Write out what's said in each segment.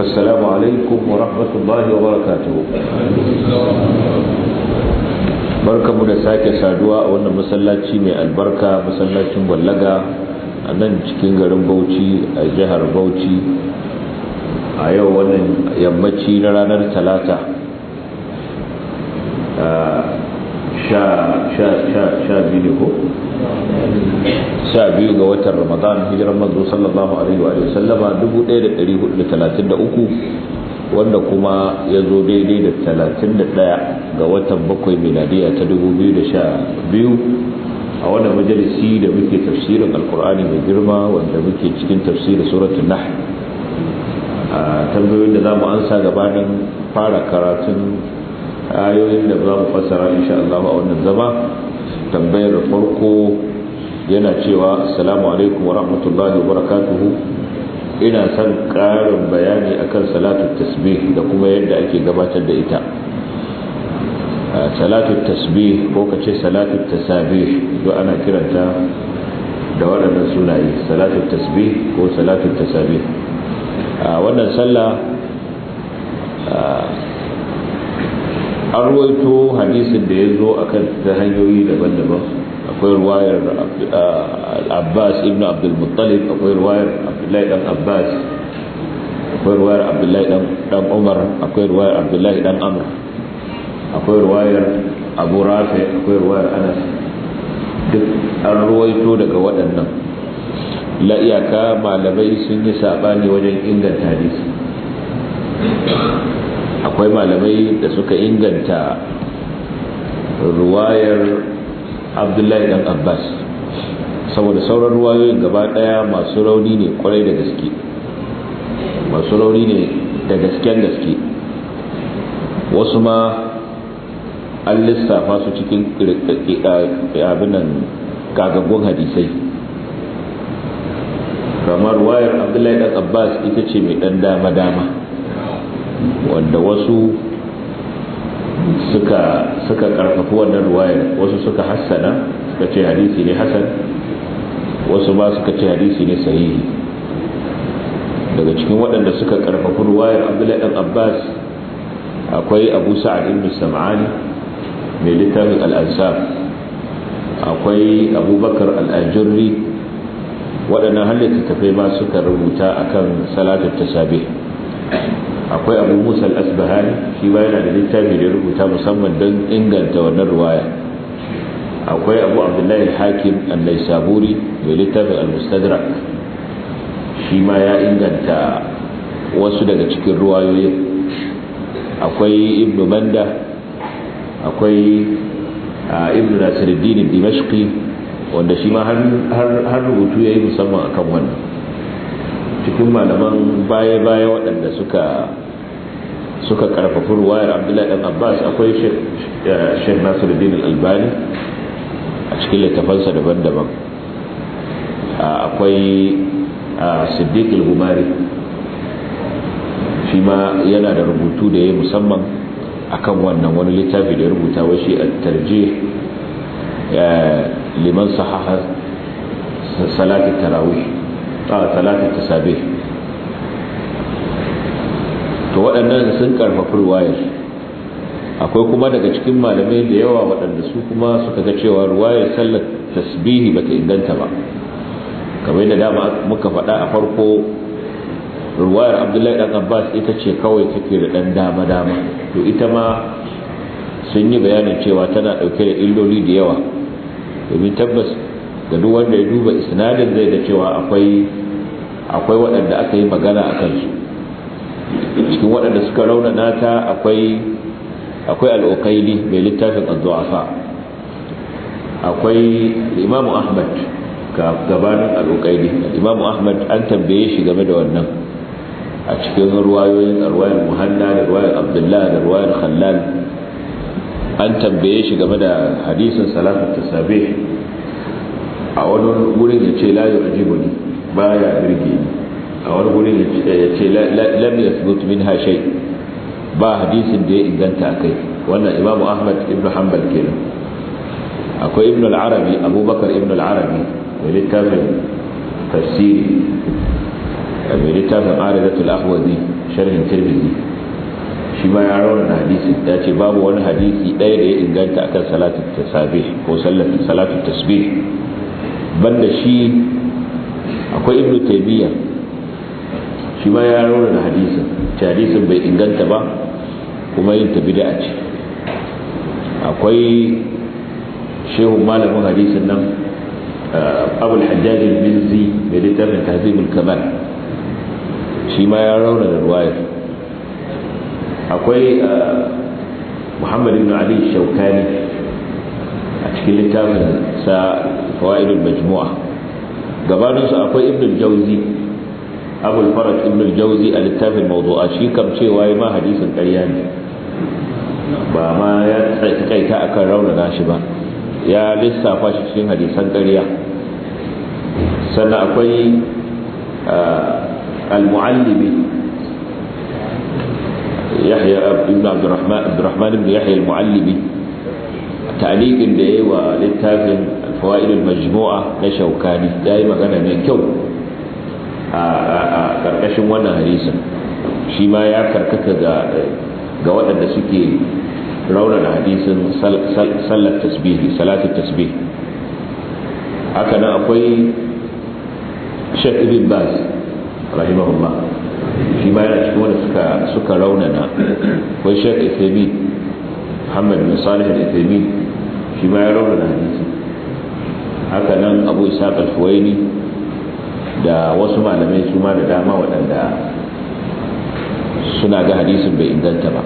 السلام عليكم ورحمة الله وبركاته barka mu da sake saduwa a wannan masallaci mai albarka masallacin wallaga a nan cikin garin bauchi a jihar bauchi a yau wannan yammaci na ranar talata ah, sha biyu ne ko sha biyu ga watan ramadan hijirar manzo sallallahu alaihi wa sallama 1433 wanda kuma ya zo daidai da 31 ga watan bakwai miladiya ta 2012 a wannan majalisi da muke tafsirin alkur'ani mai girma wanda muke cikin tafsirin suratun nahl a tambayoyin da za mu ansa gabanin fara karatun ayoyin da za mu fassara insha Allah a wannan zama tambayar farko yana cewa assalamu alaikum wa rahmatullahi wa barakatuhu ina son ƙarin bayani akan salatu tasbih da kuma yadda ake gabatar da ita salatu tasbih ko kace salatu tasabih duk ana kiranta da waɗannan sunaye salatu tasbih ko salatu tasabih wannan sallah an ruwaito hadisin da ya zo a kan ta hanyoyi daban-daban akwai ruwayar abbas ibn abdulmuttalib akwai ruwayar abdullahi dan abbas akwai ruwayar abdullahi dan umar akwai ruwayar abdullahi dan Amur, akwai ruwayar abu rafi akwai ruwayar anas duk an ruwaito daga waɗannan la malamai sun yi saɓani wajen inganta hadisi akwai malamai da suka inganta ruwayar abdullahi dan abbas saboda sauran ruwayoyin gaba daya masu rauni ne kwarai da gaske masu rauni ne da gasken gaske wasu ma an lissafa su cikin abinan gagagun hadisai kamar wayar abdullahi dan abbas ita ce mai dan dama-dama wanda wasu suka suka karfafi wannan ruwayar wasu suka hassana suka ce hadisi ne hasan wasu ba suka ce hadisi ne sahihi daga cikin waɗanda suka karfafi ruwayar abdullahi dan abbas akwai abu sa'ad ibn sam'ani mai littafin al akwai abubakar al-ajurri waɗannan halitta tafai ma suka rubuta akan salatar tasabih akwai abu musa al shi ba yana da littafi da rubuta musamman don inganta wannan ruwaya akwai abu abdullahi hakim allai saburi mai littafin al-mustadrak shi ma ya inganta wasu daga cikin ruwayoyin akwai ibn manda akwai ibn nasiruddin dimashqi wanda shi ma har rubutu ya yi musamman akan wannan cikin malaman baya-baya waɗanda suka suka karfafi ruwayar abdullahi dan abbas akwai shek eh, nasiruddin albani a cikin littafansa daban-daban ah, akwai ah, siddiq al shima shi ma yana da rubutu da ya musamman akan wannan wani littafi da ya rubuta wa shi at-tarjih eh, liman sahaha salatul tarawih ah, salatul tasabih to waɗannan sun karfafi ruwayar akwai kuma daga cikin malamai da yawa waɗanda su kuma suka ga cewa ruwayar sallar tasbihi bata inganta ba kamar da dama muka faɗa a farko ruwayar abdullahi dan abbas ita ce kawai take da ɗan dama dama to ita ma sun yi bayanin cewa tana ɗauke da illoli da yawa domin tabbas ga duk wanda ya duba isnadin zai da cewa akwai waɗanda aka yi magana a kansu cikin waɗanda suka raunana ta akwai akwai mai littafin az-zu'afa akwai imam ahmad ga gabanin al-uqayli ahmad an tambaye shi game da wannan a cikin ruwayoyin ruwayar muhanna da ruwayar Abdullahi, da ruwayar khallal an tambaye shi game da hadisin salatu tasabih a wani wurin da ce la ba ya birge ni a wani gurin ya ce lam yathbut minha shay ba hadisin da ya inganta a kai wannan imamu ahmad ibn hanbal kenan akwai ibn al-arabi abubakar ibn al-arabi mai littafin tafsiri mai littafin aridatul ahwazi sharhin tirmidhi shi ma ya rauna hadisi ya ce babu wani hadisi ɗaya da ya inganta akan salatu tasabih ko salatu tasbih banda shi akwai ibn taymiyyah shi ma ya raura da hadisin ta hadisin bai inganta ba kuma yin ta bid'a ce akwai shehu malamin hadisin nan eh, abul hajjaj al mai littafin tahzibul kamal shi ma ya raura da ruwayar akwai eh, muhammad ibn ali shaukani a cikin littafin sa fawaidul majmu'a gabaninsu akwai ibn jauzi abu faraj ibn al-jawzi a littafin mawdu'a shi kam cewa ya ma hadisin ƙarya ne ba ma ya tsaita akan raunana shi ba ya lissafa shi cikin hadisan ƙarya sannan akwai al-mu'allimi yahya ibn abdurrahman ibn yahya al-mu'allimi ta'liqin da yayi wa littafin al-fawaid al-majmu'a na shaukani yayi magana mai kyau a karkashin wannan hadisin shi ma ya karkata ga waɗanda suke raunana hadisin sallar tasbihi salatul tasbih haka nan akwai shek ibn baz rahimahullah shi ma yana cikin wanda suka suka raunana akwai shek ithemi muhammad bin salih al-ithemi shi ma ya raunana hadisi haka nan abu isaq al-huwaini da wasu malamai su ma da dama waɗanda suna ga hadisin bai inganta ba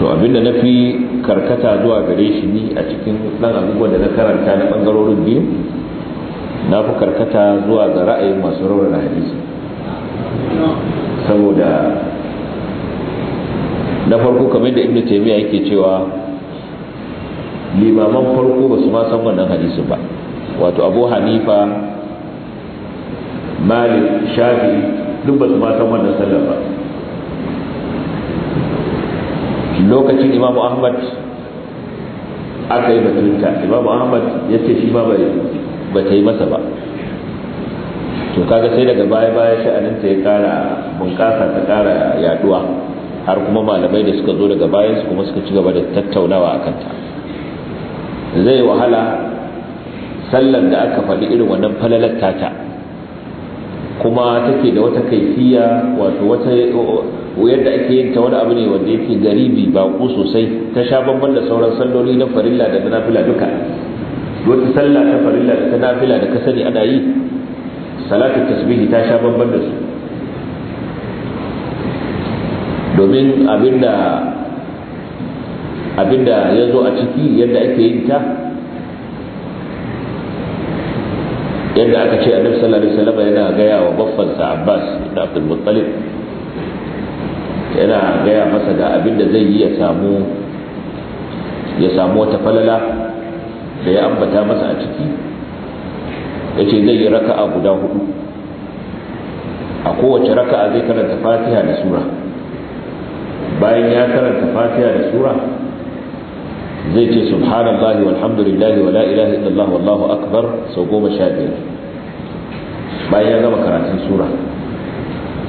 to abinda na fi karkata zuwa gare shi ni a cikin ɗan abubuwan da na karanta na ɓangarorin biyu na fi karkata zuwa ga ra'ayin masu raunar hadisi saboda na farko kamar da ibnu taymiya yake cewa limaman farko ba su ma san wannan hadisin ba wato abu hanifa malik shafi duk ba su matan wannan sallar ba lokacin imamu ahmad aka yi batunta imamu ahmad ya ce shi ma ba ta yi masa ba to kaga sai daga baya baya sha'aninta ya kara bunƙasa ta kara yaduwa har kuma malamai da suka zo daga bayan su kuma suka ci gaba da tattaunawa a kanta zai wahala sallar da aka faɗi irin wannan falalar tata kuma take da wata kaifiya wato wata yadda ake yin ta wani abu ne wanda yake garibi baƙo sosai ta sha bamban da sauran salloli na farilla da na nafila duka wata sallah ta farilla da ta nafila da ka sani ana yi salatu tasbihi ta sha bamban da su domin abinda abinda ya zo a ciki yadda ake yin ta yadda aka ce annabi sallallahu alaihi wasallam yana gaya wa sa Abbas da Abdul Muttalib yana gaya masa ga abin da zai yi ya samu ya samu wata falala da ya ambata masa a ciki yace zai yi raka'a guda hudu a kowace raka'a zai karanta Fatiha da sura bayan ya karanta Fatiha da sura zai ce subhanallahi walhamdulillahi wala ilaha illallah wallahu akbar sau goma sha biyar bayan ya gama karatun sura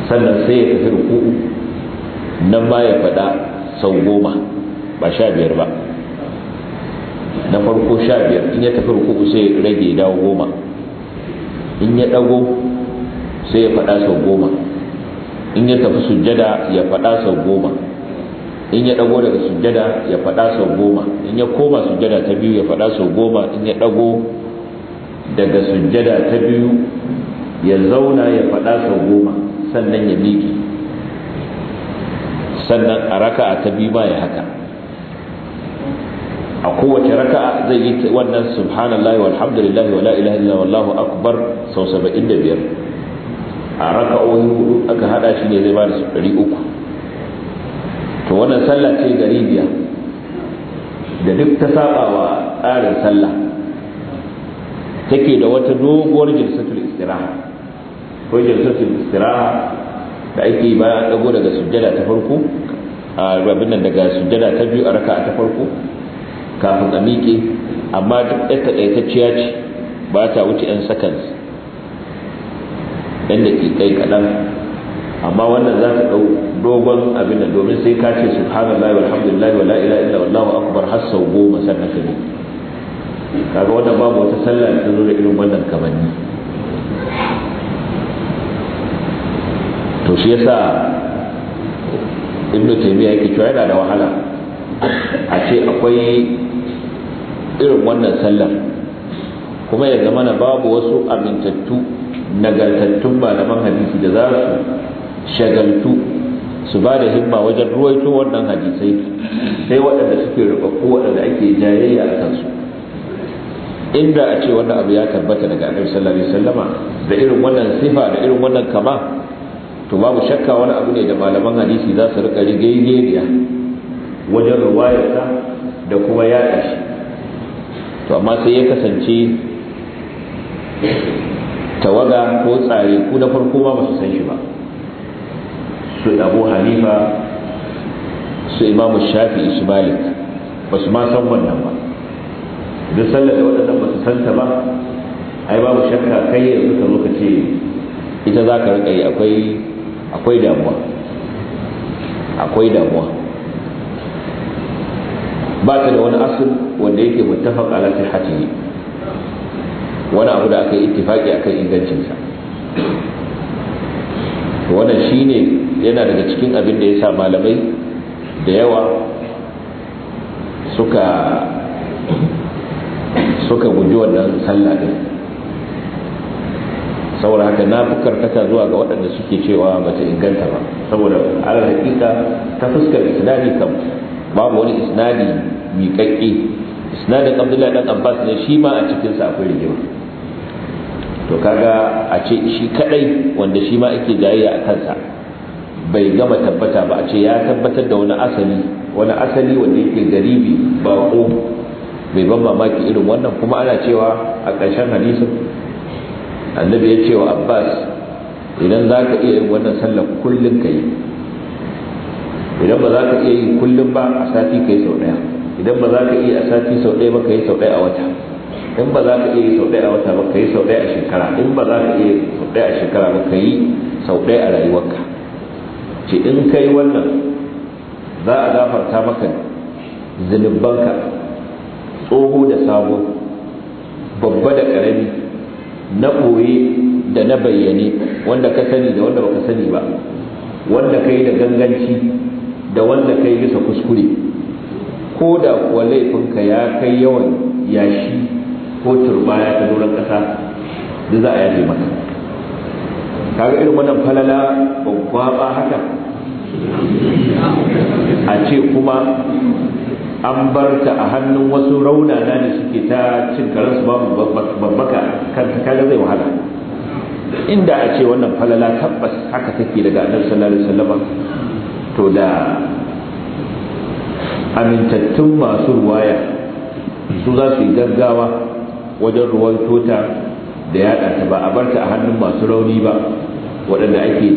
sannan sai ya tafi ruku'u nan ba ya faɗa sau goma ba sha biyar ba na farko sha biyar in ya tafi ruku'u sai ya rage dawo goma in ya ɗago sai ya faɗa sau goma in ya tafi sujjada ya faɗa sau goma in ya dago daga sujjada ya faɗa sau goma in ya koma sujjada ta biyu ya faɗa sau goma in ya dago daga sujjada ta biyu ya zauna ya faɗa sau goma sannan ya miƙe sannan a raka'a ta biyu ba ya haka a kowace raka'a zai yi wannan subhanallahi walhamdulillahi wala ilaha illa wallahu akbar sau 75 a raka'o'i hudu aka hada shi ne zai ba da su 300 to wannan sallah ce garibiya da duk ta saba wa tsarin sallah take da wata doguwar jirsatul istiraha ko jirsatul istiraha da ake ba dago daga sujjada ta farko a rabin nan daga sujjada ta biyu a raka ta farko kafin a miƙe amma duk ɗan taƙaitacciya ce ba ta wuce 'yan seconds ɗan da ke kai kaɗan amma wannan za ta ɗau dogon abin da domin sai ka ce subhanallahi walhamdulillahi wala ilaha illa wa akbar har sau goma sannan ka kaga wannan babu wata sallah da zo da irin wannan kamanni to shi yasa ibnu taymiya yake cewa yana da wahala a ce akwai irin wannan sallar kuma ya zama na babu wasu amintattu nagartattun malaman hadisi da za su shagaltu su ba da himma wajen ruwaito wannan hadisai sai waɗanda suke rubaku waɗanda ake jayayya a kansu inda a ce wannan abu ya tabbata daga annabi sallallahu alaihi wasallama da irin wannan sifa da irin wannan kama to babu shakka wani abu ne da malaman hadisi za su rika rigegeniya wajen ruwayarsa da kuma yaɗa shi to amma sai ya kasance tawaga ko tsare ku na farko ma ba su san shi ba su abu halifa su imamu shafi su malik ba su ma san wannan ba duk sallar da waɗannan ba su santa ba ai babu shakka kai ya zuka lokaci ce ita za ka riƙa yi akwai damuwa akwai damuwa ba ta da wani asul wanda yake muttafaq ala sihhatihi wani abu da aka yi ittifaqi akan ingancinsa to wannan shine yana daga cikin abin da ya sa malamai da yawa suka suka guji wannan sallah din saboda haka na fukar kasa zuwa ga waɗanda suke cewa ta inganta ba saboda ala hakika ta fuskar isnadi kam babu wani isnadi miƙaƙƙe isnadin abdullahi dan abbas ne shi ma a cikinsa akwai rigima to kaga a ce shi kadai wanda shi ma ake jayayya a kansa bai gama tabbata ba a ce ya tabbatar da wani asali wani asali wanda yake garibi ba ko bai ban mamaki irin wannan kuma ana cewa a ƙarshen hadisi annabi ya ce wa abbas idan za ka iya yin wannan sallar kullum ka yi idan ba za ka iya yi kullum ba a sati ka yi sau ɗaya idan ba za ka iya a sati sau ɗaya ba ka yi sau ɗaya a wata in ba za ka iya sau ɗaya a wata ba ka yi sau ɗaya a shekara in ba za ka iya sau ɗaya a shekara ba ka yi sau ɗaya a rayuwarka ce in ka yi wannan za a gafarta maka zunubanka tsoho da sabo babba da ƙarami na ɓoye da na bayyane wanda ka sani da wanda baka sani ba wanda ka yi da ganganci da wanda ka yi bisa kuskure ko da kuwa laifinka ya kai yawan yashi ko turbaya ta doron ƙasa duk za a yaje maka kaga irin wannan falala ba haka a ce kuma an bar ta a hannun wasu raunana ne suke ta cin karansu babu babbaka kanta kaga zai wahala inda a ce wannan falala tabbas haka take daga annabi sallallahu alaihi wasallam to da amintattun masu ruwaya su za su yi gaggawa wajen ruwaito ta da yada ta ba a barta a hannun masu rauni ba waɗanda ake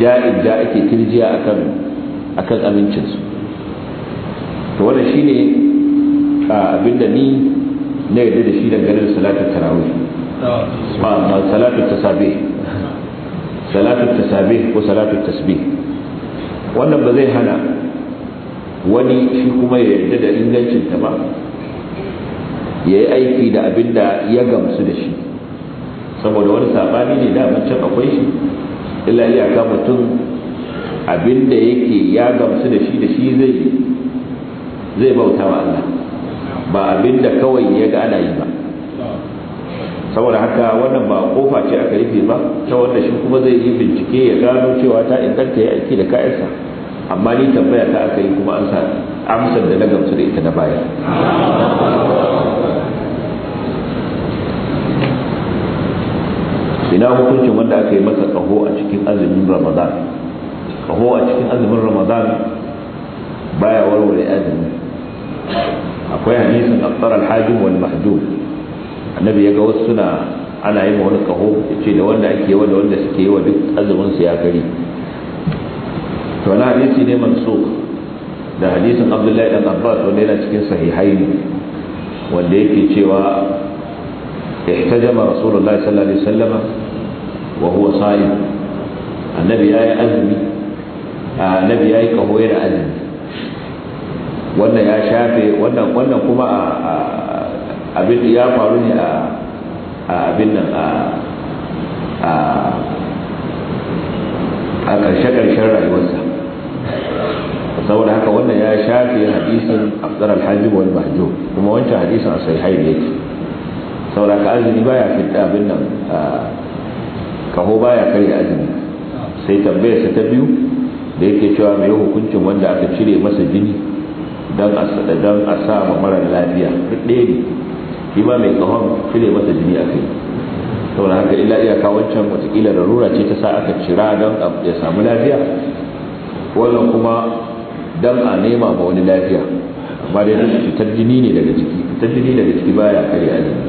ja'in da ake kirjiya akan akan amincinsu to wannan shine abinda ni na yadda da shi dangane da salatul tarawih ba salatul tasabih salatul tasabih ko salatul tasbih wannan ba zai hana wani shi kuma ya yarda da ingancin ta ba ya yi aiki da abin da ya gamsu da shi saboda wani sabani ne da can akwai shi illa iyaka mutum abin da yake ya gamsu da shi da shi zai zai bauta wa Allah ba abin da kawai ya ga ana yi ba saboda haka wannan ba kofa ce aka rufe ba ta wanda shi kuma zai yi bincike ya gano cewa ta inganta ya aiki da kayansa amma ni tambaya ta aka yi kuma an sa amsar da na gamsu da ita na baya ina hukuncin wanda aka yi masa kaho a cikin azumin ramadan kaho a cikin azumin ramadan baya warware azumi akwai hadisin aftar alhajim wal mahjum annabi ya ga wasu suna ana yi ma wani kaho ya ce da wanda ake wa da wanda suke yi wa duk azumin su ya gari to na hadisi ne mansuk da hadisin abdullahi dan abbas wanda yana cikin sahihaini wanda yake cewa احتجم رسول الله صلى الله عليه وسلم wa huwa sa'im annabi yayi azumi annabi ka kaho yana azumi wannan ya shafe wannan kuma ya faru ne a abin nan a a rayuwarsa saboda haka wannan ya shafe hadisin afdar alhajib wal mahjub kuma wancan hadisin a sahihai yake saboda haka azumi baya fitta abin nan kaho baya karya azumi sai tambayarsa ta biyu da yake cewa mai hukuncin wanda aka cire masa jini don a sa ma mara lafiya duk ɗaya ne shi ma mai kahon cire masa jini a kai saboda haka illa iyaka wancan watakila rura ce ta sa aka cira don ya samu lafiya wannan kuma don a nema ma wani lafiya amma dai duk fitar jini ne daga ciki fitar jini daga ciki baya kare azumi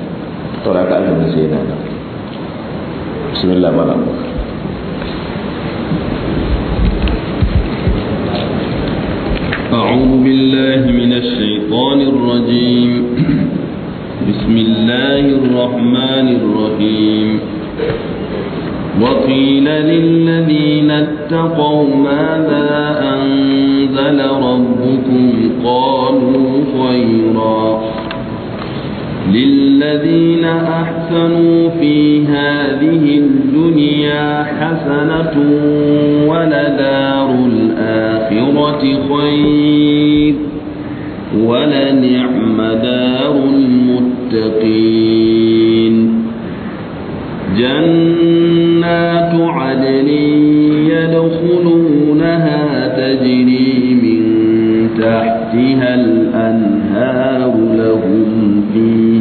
saboda haka azumin sai yana nan بسم الله مال أبو أعوذ بالله من الشيطان الرجيم بسم الله الرحمن الرحيم وقيل للذين اتقوا ماذا أنزل ربكم قالوا خيرا للذين أحسنوا في هذه الدنيا حسنة ولدار الآخرة خير ولنعم دار المتقين جنات عدن يدخلونها تجري من تحتها الأنهار لهم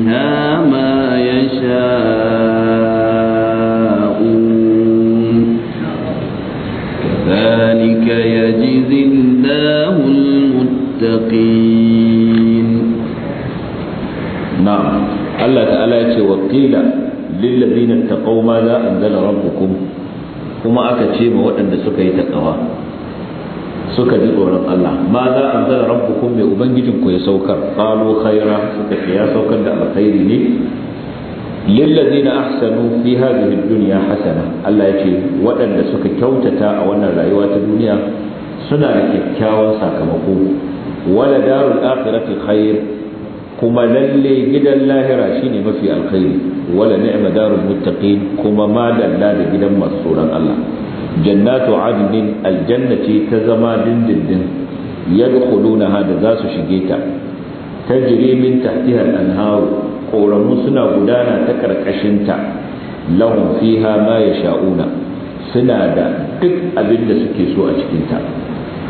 ما يشاءون كذلك يجزي الله المتقين نعم الله تعالى يتوقيل للذين اتقوا ماذا أنزل ربكم وما أكتشيب وأن سكيت التقوى suka ji tsoron Allah ma za a zara kun mai ubangijin ku ya saukar qalu khaira suka ce ya saukar da alkhairi ne lillazina ahsanu fi hadhihi dunya hasana Allah ce waɗanda suka kyautata a wannan rayuwa ta duniya suna da kyakkyawan sakamako wala darul akhirati khair kuma lalle gidan lahira shine mafi alkhairi wala ni'ma darul muttaqin kuma ma dalla da gidan masu tsoron Allah jannatu adnin aljanna ce ta zama dindindin yadkhulunaha da za su shige ta tajri min tahtiha al-anhar suna gudana ta karkashin ta lahum fiha ma yasha'una suna da duk abin da suke so a cikin ta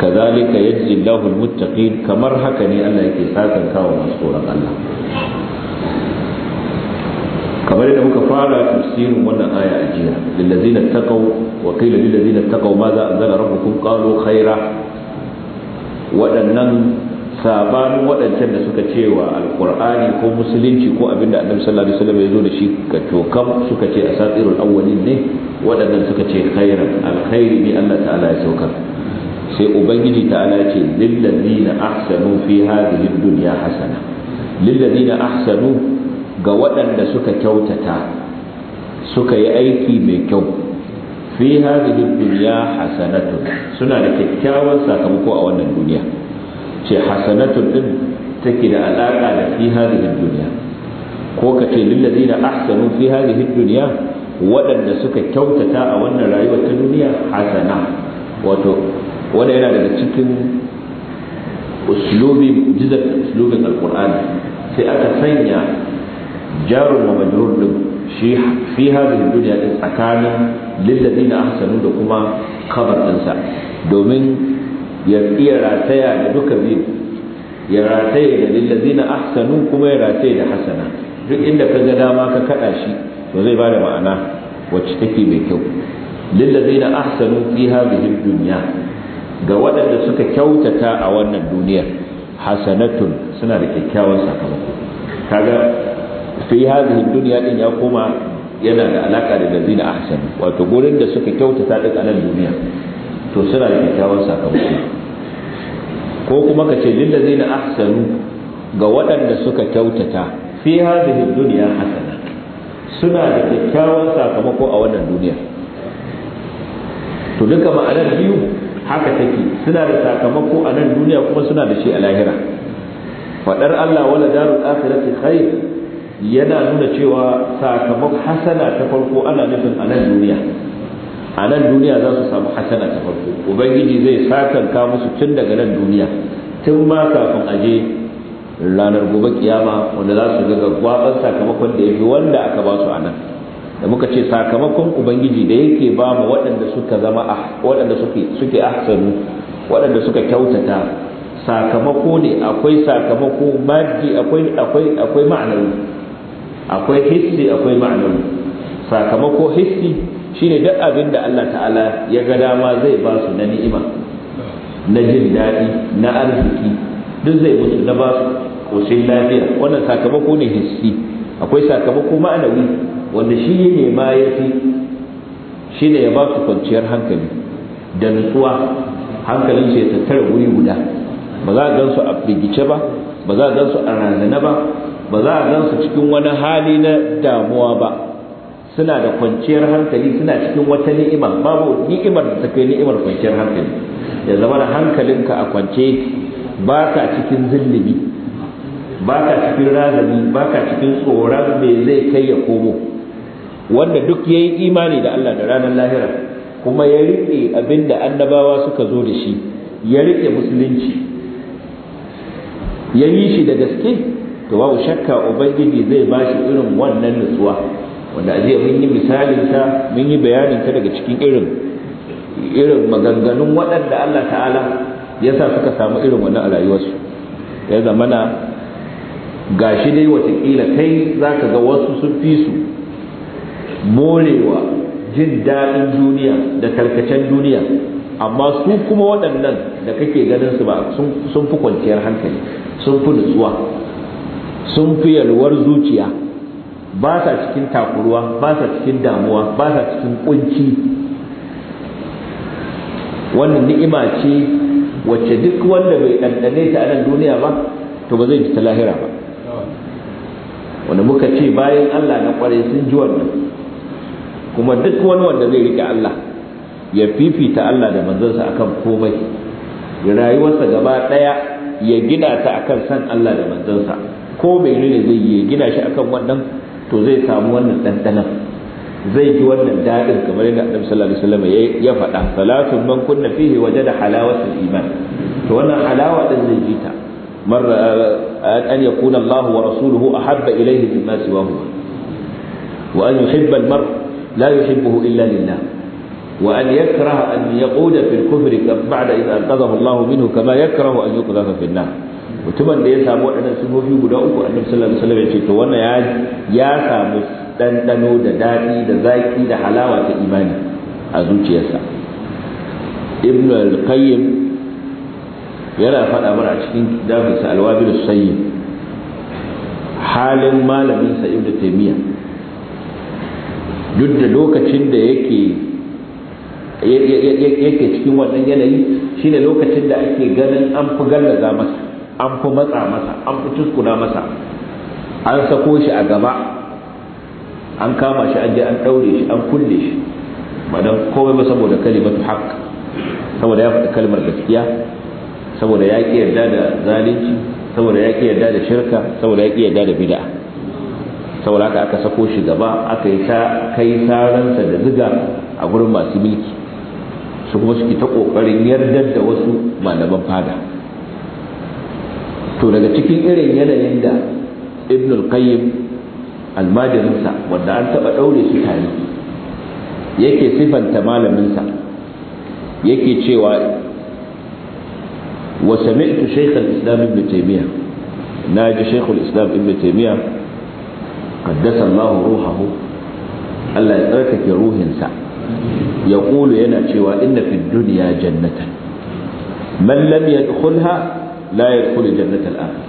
kazalika yajzi Allahu al-muttaqin kamar haka ne Allah yake kawo masu tsoron Allah kamar da muka fara tafsirin wannan aya a jiya lillazina taqaw wa qila lillazina taqaw ma za anzala rabbukum qalu khaira wadannan sabanin waɗancan da suka cewa alqur'ani ko musulunci ko abinda annabi sallallahu alaihi wasallam ya zo da shi ga tokam suka ce asatirul awwalin ne wadannan suka ce khairan alkhairi ne Allah ta'ala ya saukar sai ubangiji ta'ala ce lillazina ahsanu fi hadhihi dunya hasana lillazina ahsanu ga waɗanda suka kyautata suka yi aiki mai kyau fi hadhihi dunya hasanatun suna da kyakkyawan sakamako a wannan duniya ce hasanatun din take da alaka da fi hadhihi dunya ko ka ce lillazina ahsanu fi hadhihi dunya waɗanda suka kyautata a wannan rayuwar ta duniya hasana wato wanda yana daga cikin uslubi jizar uslubin alqur'ani sai aka sanya jarun wa majrur din shi fi hadhihi dunya din tsakanin lil ladina da kuma khabar dinsa domin ya iya rataya da duka biyu ya rataya da lil ladina kuma ya rataya da hasana duk inda ka ga dama ka kaɗa shi to zai bada ma'ana wacce take mai kyau lil ladina ahsanu ga waɗanda suka kyautata a wannan duniyar hasanatun suna da kyakkyawan sakamako fi hadhihi dunya din ya koma yana da alaka da dazina ahsan wato gurin da suka kyautata duk a nan duniya to suna da kyakkyawan sakamako ko kuma ka ce lil lazina ahsanu ga waɗanda suka kyautata fi hadhihi dunya hasana suna da kyakkyawan sakamako a wannan duniya to duka ma'anar biyu haka take suna da sakamako a nan duniya kuma suna da shi a lahira fadar Allah wala darul akhirati khair yana nuna cewa sakamakon hasana ta farko ana nufin a nan duniya a nan duniya za su samu hasana ta farko ubangiji zai sakanka musu tun daga nan duniya tun ma kafin aje ranar gobe kiyama wanda za su ga gwaban sakamakon da ya fi wanda aka ba su a nan da muka ce sakamakon ubangiji da yake ba mu waɗanda suka zama ah, waɗanda suke ahsanu waɗanda suka kyautata sakamako ne akwai sakamako maji akwai akwai akwai ma'anar akwai hissi akwai ma'anawi sakamako hissi shine duk abin da Allah ta'ala ya ga dama zai ba su na ni'ima na jin daɗi na arziki duk zai mutu na ba su ƙoshin lafiya wannan sakamako ne hissi akwai sakamako ma'anawi wanda shi ne ma ya fi shi ne ya ba su kwanciyar hankali da nutsuwa hankalin shi ya tattara wuri guda ba za a gan a firgice ba ba za a gan su a razana ba ba za a gansu cikin wani hali na damuwa ba suna da kwanciyar hankali suna cikin wata ni'ima babu ni'imar da ta kai ni'imar kwanciyar hankali ya zama da hankalinka a kwance ba ka cikin zillimi ba ka cikin razani ba ka cikin tsoron mai zai kai ya komo wanda duk ya yi imani da Allah da ranar lahira kuma ya riƙe abin da annabawa suka zo da shi ya riƙe musulunci ya yi shi da gaske to babu shakka ubangiji zai ba shi irin wannan nutsuwa wanda a mun yi misalin ta mun yi bayanin ta daga cikin irin irin maganganun waɗanda Allah ta'ala ya sa suka samu irin wannan a rayuwarsu ya zamana gashi dai watakila kai za ka ga wasu sun fi su morewa jin daɗin duniya da tarkacen duniya amma su kuma waɗannan da kake ganin su ba sun fi kwanciyar hankali sun fi nutsuwa sun fi yalwar zuciya ba sa cikin takuruwa ba sa cikin damuwa ba sa cikin kunci wannan ni'ima ce wacce duk wanda bai ɗanɗane ta a duniya ba to ba zai ta lahira ba wanda muka ce bayan Allah na kwarai sun ji wannan kuma duk wani wanda zai rike Allah ya fifita Allah da manzansa akan komai rayuwarsa gaba ɗaya ya gina ta akan san Allah da manzansa ko mai ne zai yi gina shi akan wannan to zai samu wannan dandanan zai ji wannan daɗin kamar yadda Annabi sallallahu alaihi wasallam ya faɗa salatun man kunna fihi wajada halawatul iman to wannan halawa din zai ji ta mar an yakuna Allah wa rasuluhu ahabba ilayhi mimma siwahu wa an yuhibba al-mar la yuhibbuhu illa lillah وأن يكره أن يقود في الكفر بعد إذ أنقذه الله منه كما يكره أن يقذف في النار mutumin da ya samu waɗannan sifofi guda uku a sallallahu alaihi ya ce to wannan ya samu ɗanɗano da daɗi da zaki da halawa ta imani a zuciyarsa ibn al-qayyim yana faɗa mana a cikin dafinsa alwabir sayyid halin malamin sa ibn duk da lokacin da yake yake cikin wannan yanayi shine lokacin da ake ganin an fi gallaza masa an fi matsa masa an fi tuskuna masa an sako shi a gaba an kama shi an je an daure shi an kulle shi madan komai ba saboda kalimatu haqq saboda ya fada kalmar gaskiya saboda ya ƙi yarda da zalunci saboda ya ƙi yarda da shirka saboda ya ƙi yarda da bid'a saboda haka aka sako shi gaba aka yi kai saransa da ziga a gurin masu mulki su kuma suke ta kokarin yardar da wasu malaman fada to daga cikin irin yanayin da ibn al-qayyim almajirinsa wanda an taɓa ɗaure su tare yake sifanta malaminsa yake cewa wa sami'tu shaykh al-islam ibn taymiyyah naji shaykh al-islam ibn taymiyyah qaddasa Allah ruhahu Allah ya tsarkake ruhinsa ya kulu yana cewa inna fid dunya jannatan man lam yadkhulha la yadkhulu jannatal akhir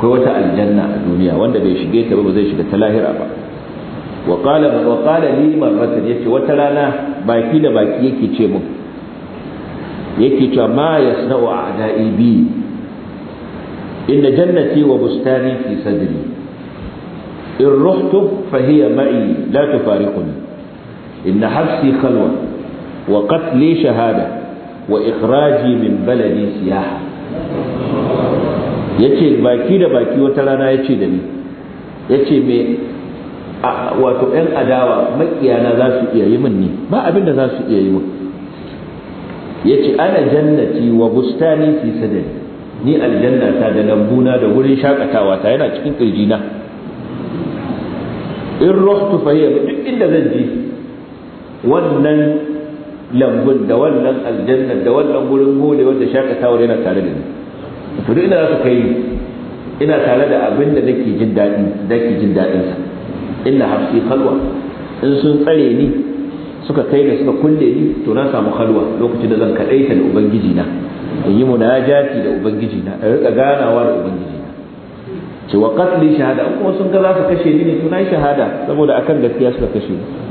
akwai wata aljanna a duniya wanda bai shige ta ba zai shiga ta lahira ba wa qala wa qala li marratan yace wata rana baki da baki yake ce mu yake cewa ma yasna'u a'da'i bi inna jannati wa bustani fi sadri in ruhtu fa hiya ma'i la tufariquni inna hafsi khalwa wa qatli shahada wa ikraji min baladi siyaha Ya ce baki da baki wata rana ya ce da ni ya ce me wato 'yan adawa makiyana za su iya yi min ne ba abin da za su iya yi min ce ana jannati wa bustani fi sadari ni aljanna da lambuna da wurin shakatawa ta yana cikin kirjina in ruhtu fa duk inda zan je wannan lambun da wannan aljannar da wannan gurin hole wanda shakatawar yana tare da ni to duk ina za su kai ina tare da abin da nake jin daɗi da ke jin daɗin sa inna hafsi kalwa, in sun tsare ni suka kai ni suka kulle ni to na samu kalwa lokacin da zan kadaita da ubangiji na in yi munajati da ubangiji na in rika ganawa da ubangiji na ce wa qatli shahada kuma sun ga za su kashe ni ne to na shahada saboda akan gaskiya suka kashe ni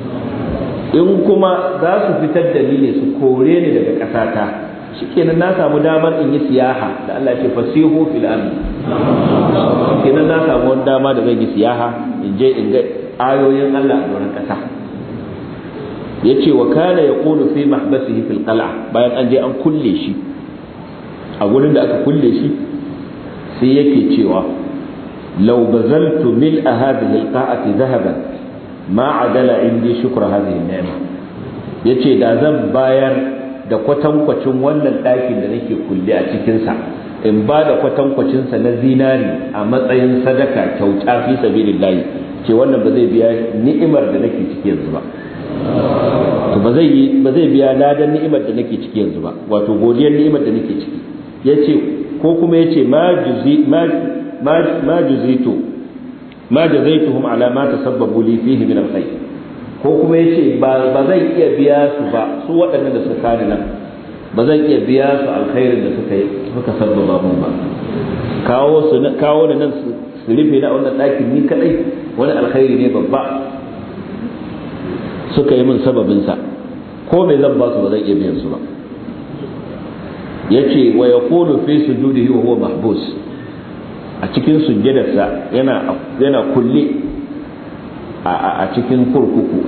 in kuma za su fitar da ni ne su kore ni daga ƙasata shikenan na samu damar in yi siyaha da Allah ce fasihu fil amri shikenan na samu wani dama da zan yi siyaha in je in ga ayoyin Allah a doron ƙasa yace wa kana yaqulu fi mahbasihi fil qala bayan an je an kulle shi a gurin da aka kulle shi sai yake cewa law bazaltu mil hadhihi al qa'ati dhahaban ma adala indi shukra hadhihi ni'ma yace da zan bayar da kwatankwacin wannan ɗakin da nake kulle a cikin sa in ba da kwatankwacin sa na zinari a matsayin sadaka kyauta fi sabilillah ce wannan ba zai biya ni'imar da nake ciki yanzu ba to ba zai ba zai biya ladan ni'imar da nake ciki yanzu ba wato godiyar ni'imar da nake ciki yace ko kuma yace ma juzi ma ma juzito ma jazaituhum ala ma tasabbabu li fihi min alkhair ko kuma ya ce ba zan iya biya su ba su waɗannan da suka kani nan ba zan iya biya su alkhairin da suka yi suka sabbaba mun ba kawo su kawo da nan su rufe na wannan ɗakin ni kadai wani alkhairi ne babba suka yi min sababin sa ko me zan ba su ba zan iya biyan su ba ya yace wa yaqulu fi yi wa huwa mahbus a cikin sujjadarsa yana yana kulle a cikin kurkuku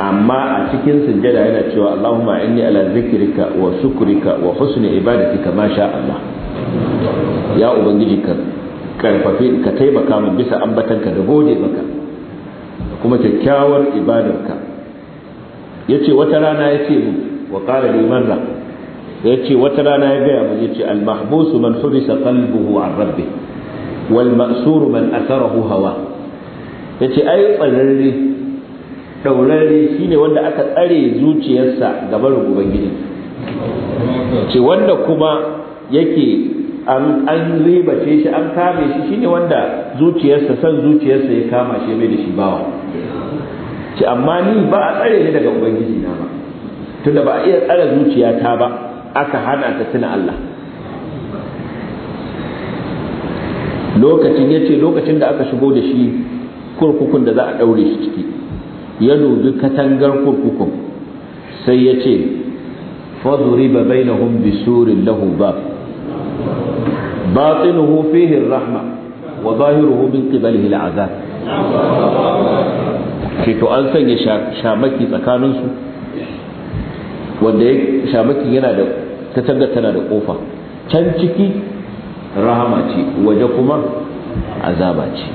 amma a cikin sujjada yana cewa Allahumma inni ala zikrika wa shukrika wa husni ibadatika ma sha Allah ya ubangiji ka karfafi ka taimaka min bisa ambatanka da gode maka kuma kyakkyawar ibadarka yace wata rana yace mu wa qala li marra yace wata rana ya ga mu yace al mahbusu man hubisa qalbuhu an rabbih wal ma'suru man asarahu hawa yace ai tsararre daurarre shine wanda aka tsare zuciyarsa gaba da ubangiji ce wanda kuma yake an an ribace shi an kame shi shine wanda zuciyarsa san zuciyarsa ya kama shi mai da shi bawa ce amma ni ba a tsare ni daga ubangiji na ba tunda ba a iya tsare zuciyata ba aka hana ta tuna Allah lokacin ya ce lokacin da aka shigo da shi kurkukun da za a ɗaure shi ciki ya dubi katangar kurkukun sai ya ce faduriba bainahum bisurin lahu ba batinuhu fihi rahma wa zahiruhu min qibalihi al'azab ce an sanya shamaki tsakaninsu wanda ya shamaki yana da katangar tana da ƙofa can ciki rahama ce waje kuma azaba ce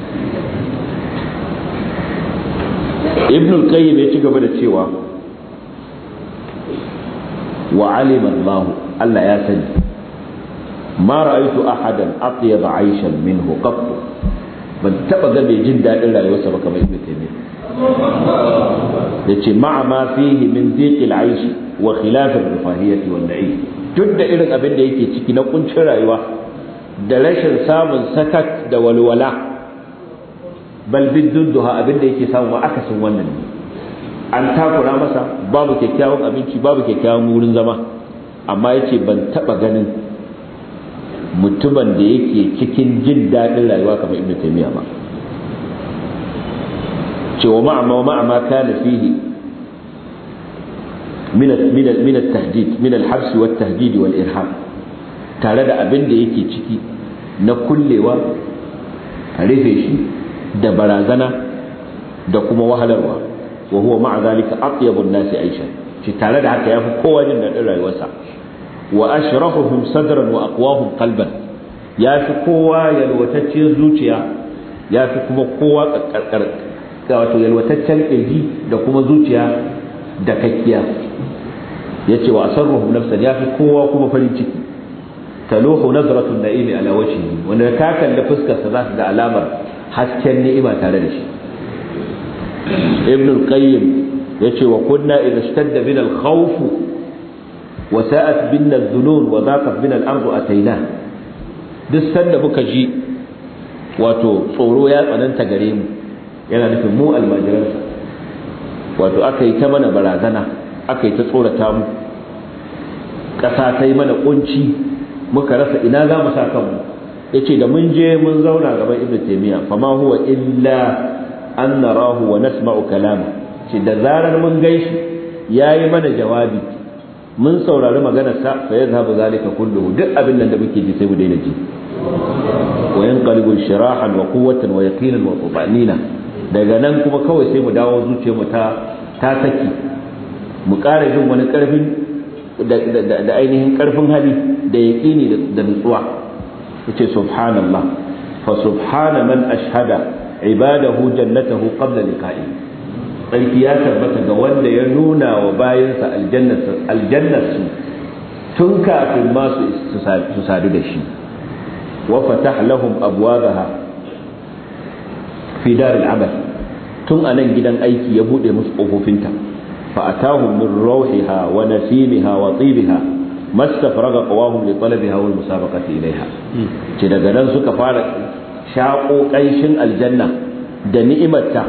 ibn al-qayyim ci gaba da cewa wa alima Allah Allah ya sani ma ra'aytu ahadan atyab Aishan minhu qat ban taba ga mai jin dadin rayuwarsa ba kamar ibn taymiyyah yace ma'a ma fihi min dhiqil 'aysh wa khilaf ar-rifahiyyah wal na'im duk da irin abin da yake ciki na kuncin rayuwa da rashin samun sakat da walwala bal biddun abinda yake samu ma akasin wannan ne an takura masa babu kyakkyawan abinci babu kyakkyawan wurin zama amma yace ban taba ganin mutumin da yake cikin jin daɗin rayuwa kamar ibnu taymiya ba ce wa ma'ama wa ma'ama kana fihi من من من التهديد من الحبس والتهديد tare da abin da yake ciki na kullewa a rufe shi da barazana da kuma wahalarwa wa huwa ma'a zalika atyabun nasi aisha shi tare da haka yafi kowa jin daɗin rayuwarsa wa ashrafuhum sadran wa aqwahum qalban yafi kowa yalwataccen zuciya yafi kuma kowa karkar wato yalwataccen kirji da kuma zuciya da kakkiya yace wa asarruhum nafsan yafi kowa kuma farin ciki taluhu nazratu na'imi ala wajhihi wanda ka kalli fuskar sa zasu da alamar hasken ni'ima tare da shi ibn al-qayyim yace wa kunna idha ishtadda bina al-khawf wa sa'at bina adh-dhunun wa Taina? bina al atayna duk sanda muka ji wato tsoro ya tsananta gare mu yana nufin mu almajiransa wato aka yi ta mana barazana aka yi ta tsorata mu ƙasa ta yi mana ƙunci muka rasa ina za mu sa kanmu yace da mun je mun zauna gaban ibnu fa ma huwa illa an narahu wa nasma'u kalama ce da zarar mun gaishi yayi mana jawabi mun saurari maganar sa fa yadhhabu zalika kulluhu duk abin nan da muke ji sai mu daina ji wa yanqalibu shirahan wa quwwatan wa yaqinan wa tuba'nina daga nan kuma kawai sai mu dawo zuciyarmu ta ta saki mu ƙara jin wani ƙarfin da ainihin ƙarfin hali da yaƙini da nutsuwa ce subhanallah fa subhana man ashhada ibadahu jannatahu qabla liqa'i sarki ya tabbata ga wanda ya nuna wa bayansa su tun kafin ma su sadu da shi wa fatah lahum abwabaha fi daril amal tun anan gidan aiki ya bude musu kofofinta fa atahum min ruhiha wa nasimiha wa tibiha mastafraga qawahum li talabiha wal musabaqati ilaiha ce daga nan suka fara shako kanshin aljanna da ni'imarta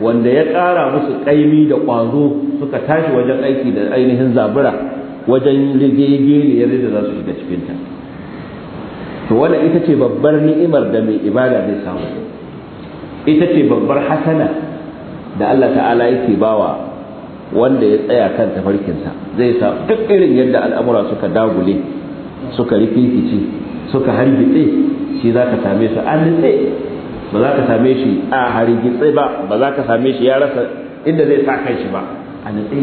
wanda ya ƙara musu ƙaimi da ƙwazo suka tashi wajen aiki da ainihin zabura wajen ligegeliyar da za su shiga cikinta to wannan ita ce babbar ni'imar da mai ibada zai samu ita ce babbar hasana da Allah ta'ala yake bawa wanda ya tsaya kan tafarkinsa zai sa duk irin yadda al'amura suka dagule suka rikikici suka hargitse shi za ka same su an nitse ba za ka same shi a hargitse ba ba za ka same shi ya rasa inda zai sa kai shi ba a nitse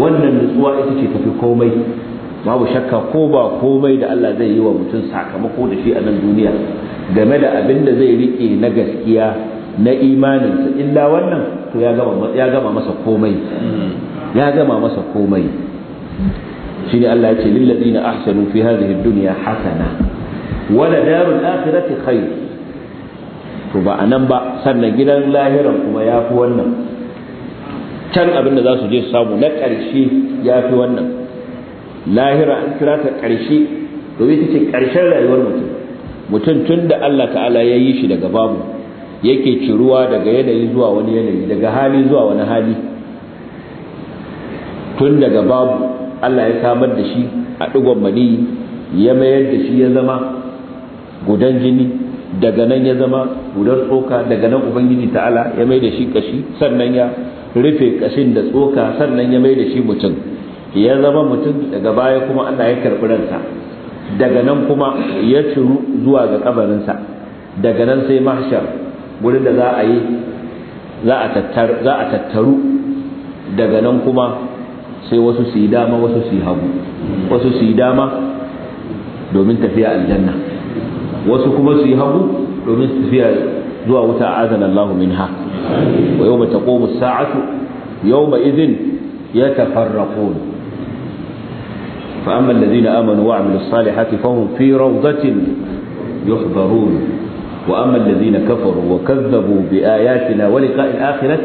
wannan nutsuwa ita ce tafi komai babu shakka ko ba komai da Allah zai yi wa mutum sakamako da shi a nan duniya game da abin da zai rike na gaskiya na imaninsa illa wannan to ya gama masa komai ya gama masa komai shine Allah ya ce lil ladina ahsanu fi hadhihi dunya hasana wa la darul akhirati khair to ba anan ba sannan gidan lahiran kuma yafi wannan can abin da za su je samu na ƙarshe yafi wannan lahira an kira ta ƙarshe domin ta ce ƙarshen rayuwar mutum mutum tun da Allah ta'ala ya yi shi daga babu yake ciruwa daga yanayi zuwa wani yanayi daga hali zuwa wani hali tun daga babu Allah ya samar da shi a digon mani ya mayar da shi ya zama gudan jini daga nan ya zama gudan tsoka daga nan ubangiji ta'ala ya mai da shi kashi sannan ya rufe kashin da tsoka sannan ya mai da shi mutum ya zama mutum daga baya kuma Allah ya karɓi ransa daga nan kuma ya ciru zuwa ga kabarinsa daga nan sai mahshar gurin da za a yi za a tattaru daga nan kuma sai wasu su yi dama wasu su yi hagu wasu su yi dama domin tafiya aljanna wasu kuma su yi hagu domin tafiya zuwa wuta azan Allah minha wa yawma taqumu as-sa'atu yawma idhin yatafarraqun fa amma alladhina amanu wa amilus salihati fahum fi rawdatin yuhdarun وأما الذين كفروا وكذبوا بآياتنا ولقاء الآخرة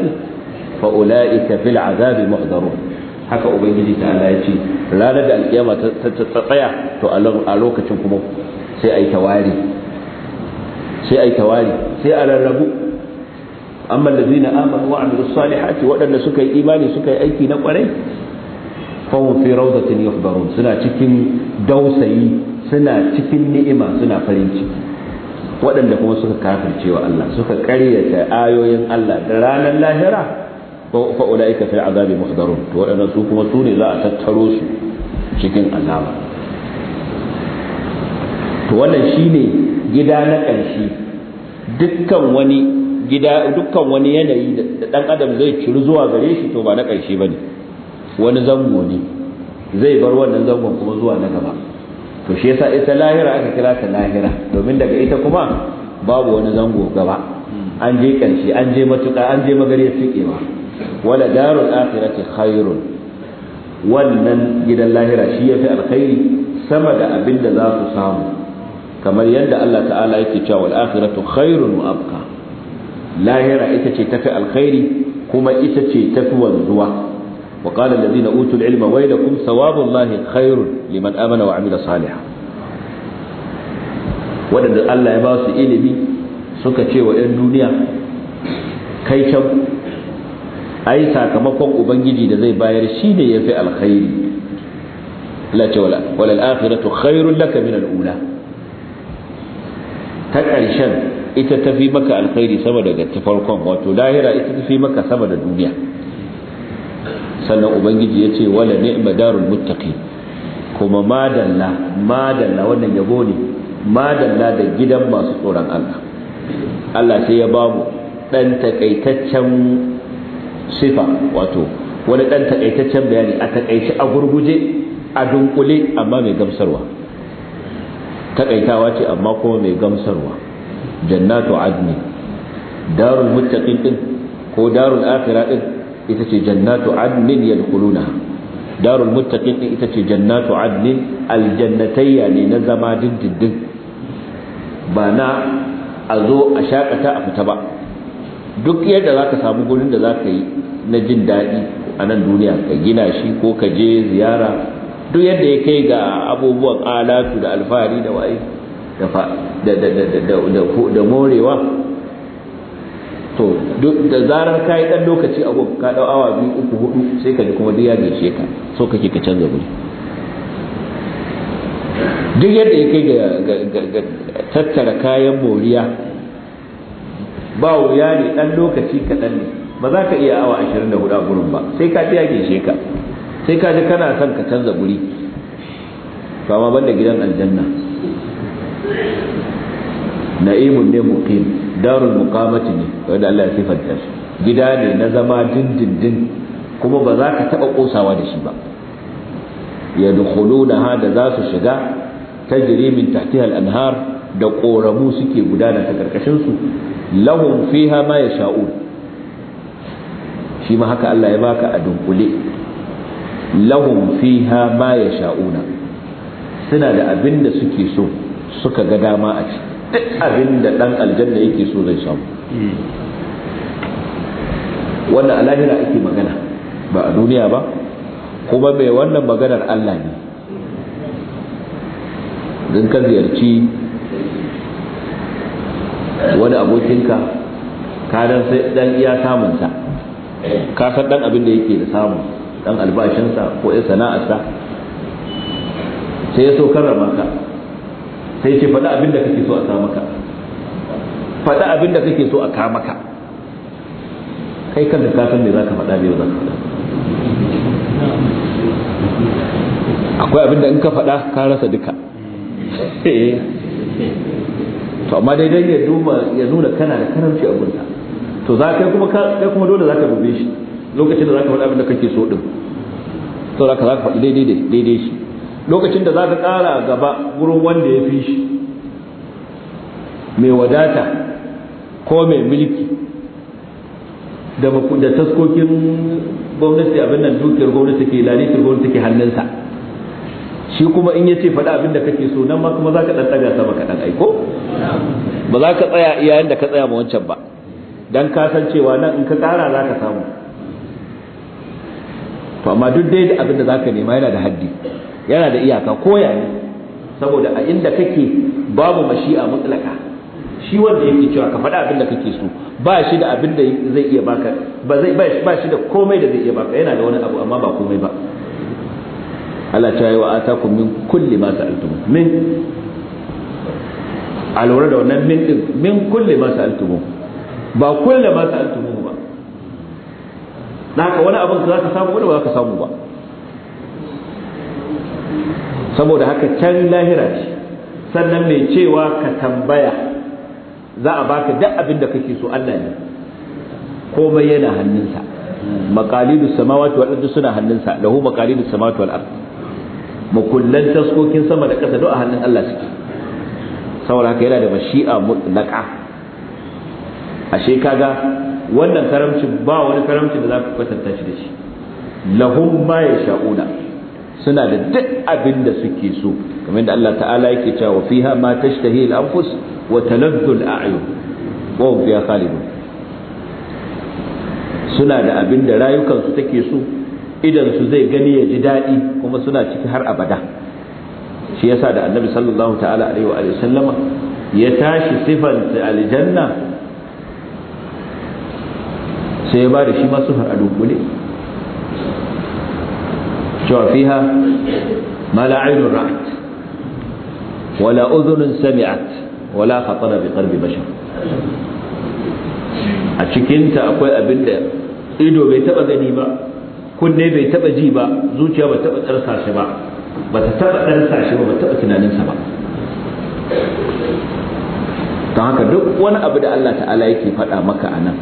فأولئك في العذاب محضرون haka ubangiji ta Allah ya ce ranar da alƙiyama ta tsaya to a lokacin kuma sai a yi tawari sai a yi tawari sai a rarrabu amma lazina amanu wa amilus salihati waɗanda suka yi imani suka yi aiki na kwarai fahim fi rawdatin yahbarun suna cikin dausayi suna cikin ni'ima suna farin ciki waɗanda kuma suka kafirce wa Allah suka ƙaryata ayoyin Allah da ranar lahira fa ulaika fil azabi muhdarun to waɗannan su kuma su ne za a tattaro su cikin azaba to wannan shine gida na ƙarshe dukkan wani gida dukkan wani yanayi da dan adam zai ciri zuwa gare shi to ba na ƙarshe bane wani zango ne zai bar wannan zangon kuma zuwa na gaba to shi yasa ita lahira aka kira ta lahira domin daga ita kuma babu wani zango gaba hmm. an je karshe an je matuƙa an je magariyar tuƙewa wala darul akhirati khairun wannan gidan lahira shi yafi alkhairi sama da abin da za su samu kamar yadda Allah ta'ala yake cewa wal akhiratu khairun wa abqa lahira ita ce tafi alkhairi kuma ita ce tafi wanzuwa وقال الذين أوتوا العلم ويلكم ثواب الله خير لمن آمن وعمل صالحا waɗanda Allah ya basu ilimi suka ce wa 'yan duniya kai can ai sakamakon ubangiji da zai bayar shi ne ya fi alkhairi la ce walal akhiratu khairun laka min al'ula ta ƙarshen ita fi maka alkhairi sama daga farkon wato lahira ita tafi maka sama da duniya sannan ubangiji ya ce wala ne darul muttaqi kuma madalla madalla wannan yabo ne madalla da gidan masu tsoron Allah Allah sai ya babu dan takaitaccen sifa wato wani dan takaitaccen bayani a takaice a gurguje a dunkule amma mai gamsarwa takaitawa ce amma kuma mai gamsarwa jannatu adni darul muttaqin ko darul akhirah ita ce jannatu adnin yadkhuluna darul muttaqin ita ce jannatu adnin aljannatayya ne na zama dindindin ba na a zo a shakata a fita ba duk yadda za ka samu gurin da za ka yi na jin daɗi a nan duniya ka gina shi ko ka je ziyara duk yadda ya kai ga abubuwan alatu da alfahari da waye da morewa da zarar ka yi dan lokaci a gun ka dau awa biyu uku hudu sai ka ji kuma duk ya gaishe ka so kake ka canza guri duk yadda ya kai ga tattara kayan moriya ba wuya ne dan lokaci kaɗan ne ba za ka iya awa hudu a gurin ba sai ka ji ya gaishe ka sai ka ji kana son ka canza guri ba ma banda gidan aljanna na'imun ne muqim darul muqamati ne wanda Allah ya sifanta shi gida ne na zama dindindin kuma ba za ka taɓa ƙosawa da shi ba ya dukhuluna ha da za su shiga tajri min tahtiha al-anhar da ƙoramu suke gudana ta karkashin su lahum fiha ma yasha'un shi ma haka Allah ya baka a dunkule lahum fiha ma yasha'una suna da abin da suke so suka ga dama a ciki duk abin da dan aljanna yake so zai samu wannan alahira ake magana ba a duniya ba kuma mai wannan maganar Allah ne don ka ziyarci wani abokinka kadan sai dan iya samunsa ka san dan abin da yake da samu dan albashinsa ko ya sana'arsa sai ya so karrama ka sai ce faɗa abin da kake so a sa maka faɗa abin da kake so a ka maka kai kanka ka san me za ka faɗa me ba za ka faɗa akwai abin da in ka faɗa ka rasa duka to amma dai ya duba ya nuna kana da karamci abin ta to za kai kuma kai kuma dole za ka dube shi lokacin da za ka faɗa abin da kake so din ka za ka faɗi daidai daidai shi lokacin da za ka ƙara gaba wurin wanda ya fi shi mai wadata ko mai mulki da taskokin gwamnati abin nan dukiyar gwamnati ke lalitar gwamnati ke hannunsa shi kuma in ya ce faɗa abin da kake so nan ma kuma za ka ɗan ɗaga sama kaɗan aiko ba za ka tsaya iyayen da ka tsaya ma wancan ba don ka san cewa nan in ka ƙara za ka samu to amma duk dai da abin da za ka nema yana da haddi yana da iyaka ko yayi ne saboda a inda kake babu mashi'a mutlaka shi wanda yake cewa ka faɗa abin da kake so ba shi da abin da zai iya baka ba zai ba shi da komai da zai iya baka yana da wani abu amma ba komai ba Allah ta yi wa atakum min kulli ma sa'altum min a lura da wannan min din min kulli ma sa'altum ba kulli ma sa'altum ba naka wani abin za ka samu wani ba za ka samu ba saboda haka can lahira ce sannan mai cewa ka tambaya za a baka duk abin da kake so Allah ne komai yana hannunsa makalidu samawati wal ardi suna hannunsa lahu makalidu samawati wal ardi mukullan taskokin sama da kasa duk a hannun Allah suke saboda haka yana da mashi'a mutlaka ashe kaga wannan karamcin ba wani karamcin da za ka kwatanta shi da shi lahum ma yasha'una suna da duk abin da suke so kamar da Allah ta'ala yake cewa fiha ma tashtahi al-anfus wa taladdu al-a'yun wa hum fiha khalidun suna da abin da rayukan su take so idan su zai gani ya ji dadi kuma suna ciki har abada shi yasa da Annabi sallallahu ta'ala alaihi wa sallama ya tashi sifanta aljanna sai ya ba da shi masu har a dunkule cewa fiha ma la aynun ra'at wala udhunun sami'at wala khatara bi qalbi a cikinta akwai abinda ido bai taba gani ba kunne bai taba ji ba zuciya bata taba tsarsa shi ba ba ta taba ba ba tunaninsa ba haka duk wani abu da Allah ta'ala yake faɗa maka a nan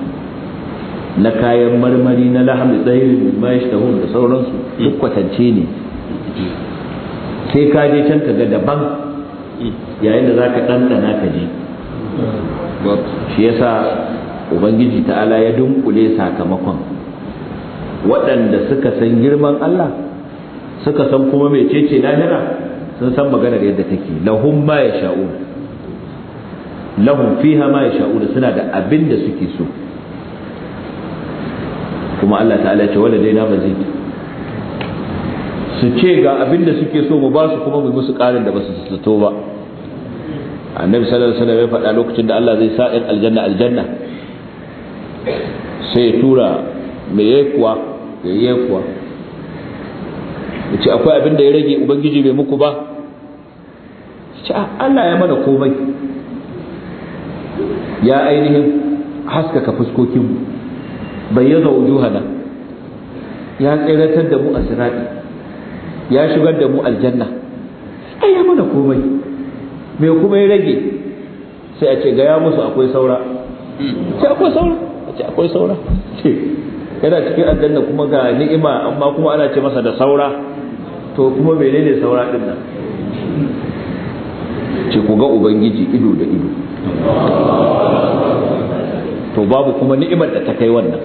na kayan marmari na lahamu tsayirin ma yashtahun da sauransu duk kwatance ne sai ka je can ka ga daban yayin da zaka ɗanɗana ka je shi yasa ubangiji ta'ala ya dunkule sakamakon waɗanda suka san girman Allah suka san kuma mecece lahira sun san maganar yadda take lahum ma yasha'un lahum fiha ma yasha'un suna da abin da suke so kuma Allah ta'ala ce wala dai na mazid su ce ga abin da suke so mu ba su kuma mu musu karin da ba su zato ba annabi sallallahu alaihi wasallam ya faɗa lokacin da Allah zai sa in aljanna aljanna sai ya tura me yayi kuwa ya kuwa yace akwai abin da ya rage ubangiji bai muku ba yace ah, Allah ya mana komai ya ainihin haskaka fuskokinmu bayyana wujuhana ya tsiratar da mu a sirati ya shigar da mu aljanna ai ya mana komai me kuma ya rage sai a ce ga ya musu akwai saura ce akwai saura a ce akwai saura ce yana cikin aljanna kuma ga ni'ima amma kuma ana ce masa da saura to kuma menene saura din nan ce ku ga ubangiji ido da ido to babu kuma ni'imar da ta kai wannan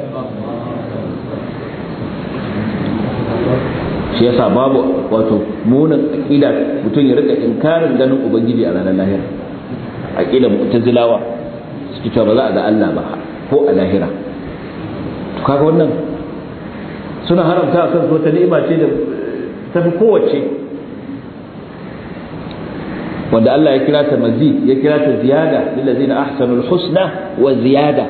shi yasa babu wato munin aqida mutum ya rika inkarin ganin ubangiji a ranar lahira aqida zilawa suke to ba za a ga Allah ba ko a lahira to kaga wannan suna haramta kan so ta ni'ima ce da tafi kowace wanda Allah ya kira ta ya kira ta ziyada lillazina ahsanul husna wa ziyada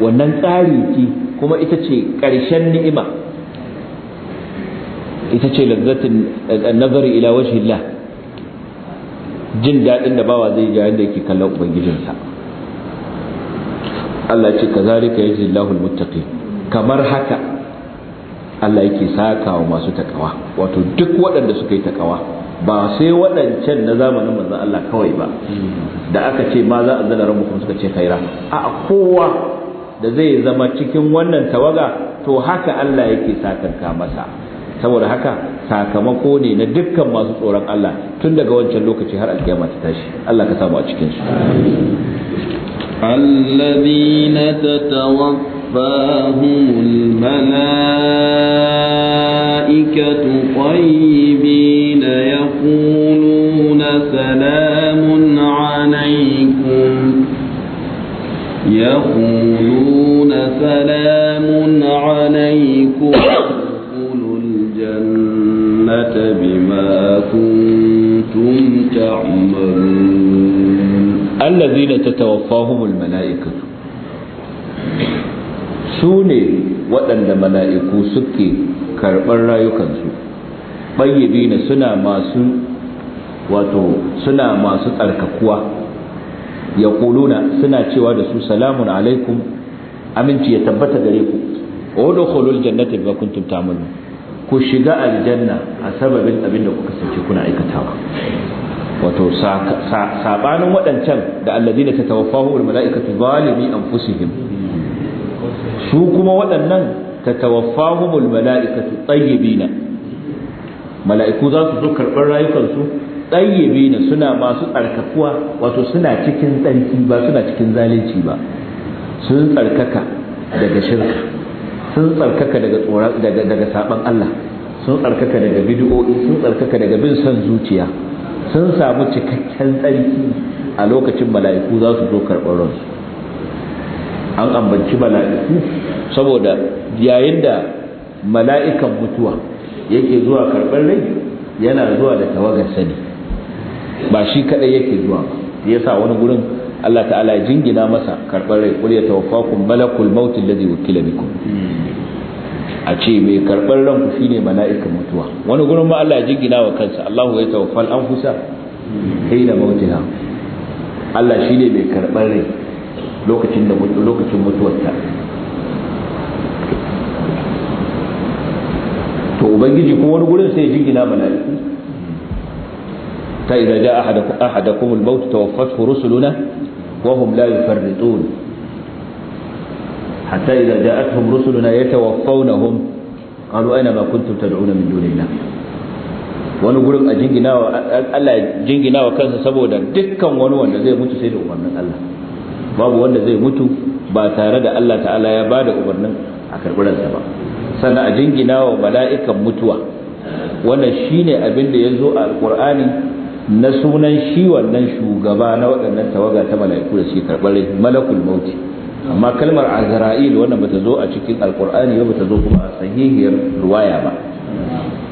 wannan tsari ki kuma ita ce ƙarshen ni'ima ita ce lazzatin eh, nazari ila wajhillah jin daɗin da bawa zai ga yadda yake kallon ubangijinsa Allah ce kazalika yajzi Allahul muttaqin kamar haka Allah yake saka wa masu takawa wato duk waɗanda suka yi takawa ba sai waɗancan na zamanin manzan Allah kawai ba da aka ce ma za a zana kuma suka ce kaira a kowa da zai zama cikin wannan tawaga to haka Allah yake sakanka masa saboda haka sakamako ne na dukkan masu tsoron Allah tun daga wancan lokaci har alkiyama ta tashi Allah ka samu a cikin su توفاهم الملائكة طيبين يقولون سلام عليكم يقولون سلام عليكم ادخلوا الجنة بما كنتم تعملون الذين تتوفاهم الملائكة su ne waɗanda mala'iku suke karɓar rayukansu ɓayyabi ne suna masu wato suna masu tsarkakuwa ya ƙuluna suna cewa da su salamun alaikum aminci ya tabbata gare ku wadda hulul jannata ba kuntum tamanu ku shiga aljanna a sababin abin da kuka sace kuna aikatawa wato saɓanin waɗancan da allazina tatawaffahumul mala'ikatu zalimi anfusihim su kuma waɗannan humul mala'ikatu tayyibina mala'iku za su zo karɓar rayukansu bina suna masu tsarkakuwa wato suna cikin tsarki ba suna cikin zalunci ba sun tsarkaka daga shirka sun tsarkaka daga tsoron daga daga Allah sun tsarkaka daga bid'o'i sun tsarkaka daga bin son zuciya sun samu cikakken tsarki a lokacin mala'iku za su zo karɓar ransu an ambanci mala'iku saboda yayin da mala'ikan mutuwa yake zuwa karɓar rai yana zuwa da tawagar sani ba shi kaɗai yake zuwa ba sa wani gurin Allah ta'ala ya jingina masa karɓar rai kul yatawaffakum malakul maut alladhi wakila bikum a ce mai karɓar ranku shine mala'ikan mutuwa wani gurin ma Allah ya jingina wa kansa Allahu yatawaffal anfusa hina mautiha Allah shine mai karɓar rai lokacin da lokacin mutuwarta to ubangiji kuma wani gurin sai jingina mala'iku ta idza ja ahadakum al-maut tawaffathu rusuluna wa hum la yufarritun hatta idza ja'atuhum rusuluna yatawaffawnahum qalu aina ma kuntum tad'una min dunillah wani gurin a jinginawa Allah jinginawa kansa saboda dukkan wani wanda zai mutu sai da umarnin Allah babu wanda zai mutu ba tare da Allah ta'ala ya bada umarnin a sa ba sannan a jingina wa mala'ikan mutuwa wannan shine abin da ya zo a alƙur'ani na sunan shi wannan shugaba na waɗannan tawaga ta mala'iku da suke karɓar malakul mauti amma kalmar azra'il wannan bata zo a cikin alƙur'ani ba bata zo kuma a sahihiyar ruwaya ba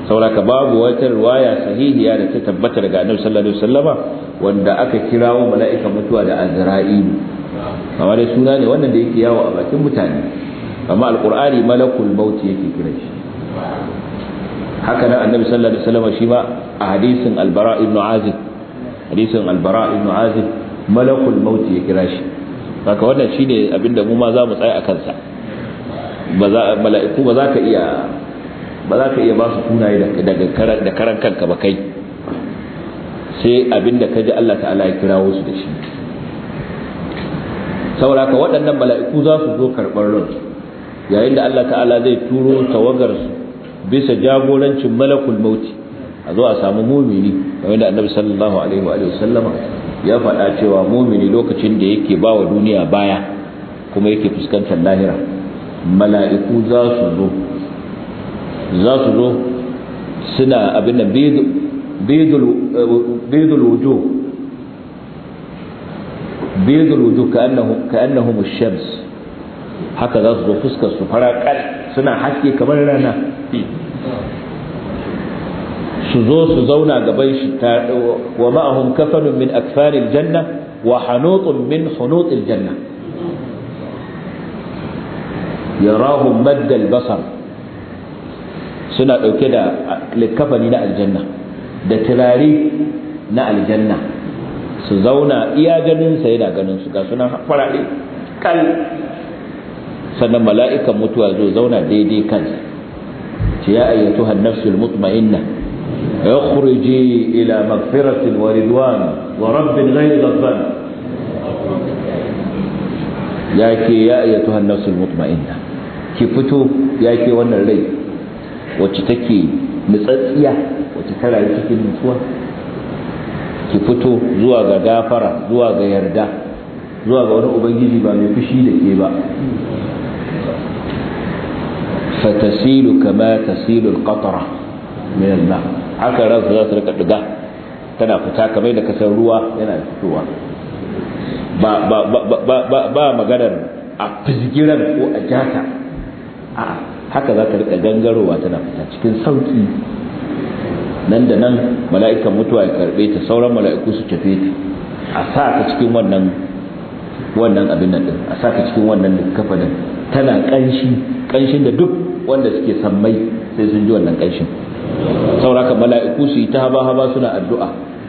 sauraka babu wata ruwaya sahihiya da ta tabbata daga annabi sallallahu alaihi wasallama wanda aka kirawo mala'ikan mutuwa da azra'ilu amma dai suna ne wannan da yake yawo a bakin mutane amma alqur'ani malakul maut yake kira shi haka nan annabi sallallahu alaihi wasallam shi ma a hadisin albara ibn azib hadisin albara ibn azib malakul maut ya kira shi haka wannan shine abinda mu ma za mu tsaya a kansa ba za mala'iku ba za ka iya ba za ka iya ba su sunaye daga da karan kanka ba kai sai abinda ka ji Allah ta'ala ya kirawo su da shi saboda waɗannan mala'iku za su zo karɓar ran yayin da Allah ta'ala zai turo tawagar bisa jagorancin malakul mauti a zo a samu mumini kamar da annabi sallallahu alaihi wa sallama ya faɗa cewa mumini lokacin da yake ba wa duniya baya kuma yake fuskantar lahira mala'iku za su zo za su zo suna abin da eh, bidul wujuh بيض الوجوه كأنهم كأنهم الشمس حتى غضب فسك السفراء قال سنا حكي كمان لنا سزو سزونا قبيش ومعهم كفن من أكفان الجنة وحنوط من حنوط الجنة يراهم مد البصر سنا كده للكفن نا الجنة ده دتراري نا الجنة su zauna iya ganin sa yana ganin su ga suna farare kal sannan mala'ikan mutuwa zo zauna daidai kansa ce ya ayyatuha an-nafsul mutma'inna اخرجي إلى مغفرة ورضوان ورب غير غضبان yake ya ayyatuhan nafsul mutma'inna ki fito yake wannan rai wacce take nutsatsiya wacce ta rayu cikin mutuwa ki fito zuwa ga gafara zuwa ga yarda zuwa ga wani ubangiji ba mai fushi da ke ba fatasilu kama tasilu alqatara min alma haka ranka za ta rika diga tana fita kamar da kasar ruwa yana fitowa ba ba ba ba maganar a fizgiran ko a jata a haka za ta rika gangarowa tana fita cikin sauki nan da nan mala'ikan mutuwa ya karbe ta sauran mala'iku su tafe ta a sa ta cikin wannan wannan abin nan din a sa ta cikin wannan kafanin tana kanshi kanshin da duk wanda suke sammai sai sun ji wannan kanshin ka mala'iku su yi ta haba haba suna addu'a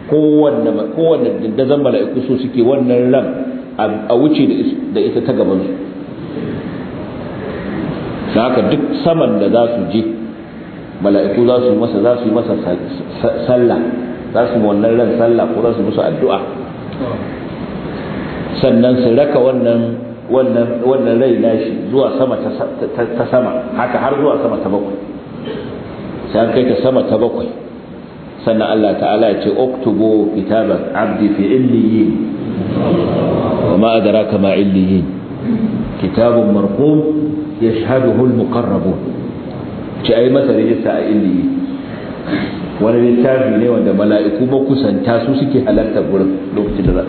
kowanne kowanne dandazan mala'iku su suke wannan ran a wuce da ita ta gaban su haka duk saman da za su je mala'iku za su masa za su masa sallah za su wannan ran sallah ko za su musu addu'a sannan su raka wannan wannan wannan rai nashi zuwa sama ta sama haka har zuwa sama ta bakwai sai an kai ta sama ta bakwai sannan Allah ta'ala ya ce uktubu kitaban abdi fi illiyin wa ma adraka ma illiyin kitabun marqum yashhaduhu al-muqarrabun ci a yi masa rijista a ilimi wani littafi ne wanda mala'iku makusanta su suke halarta gurin lokacin da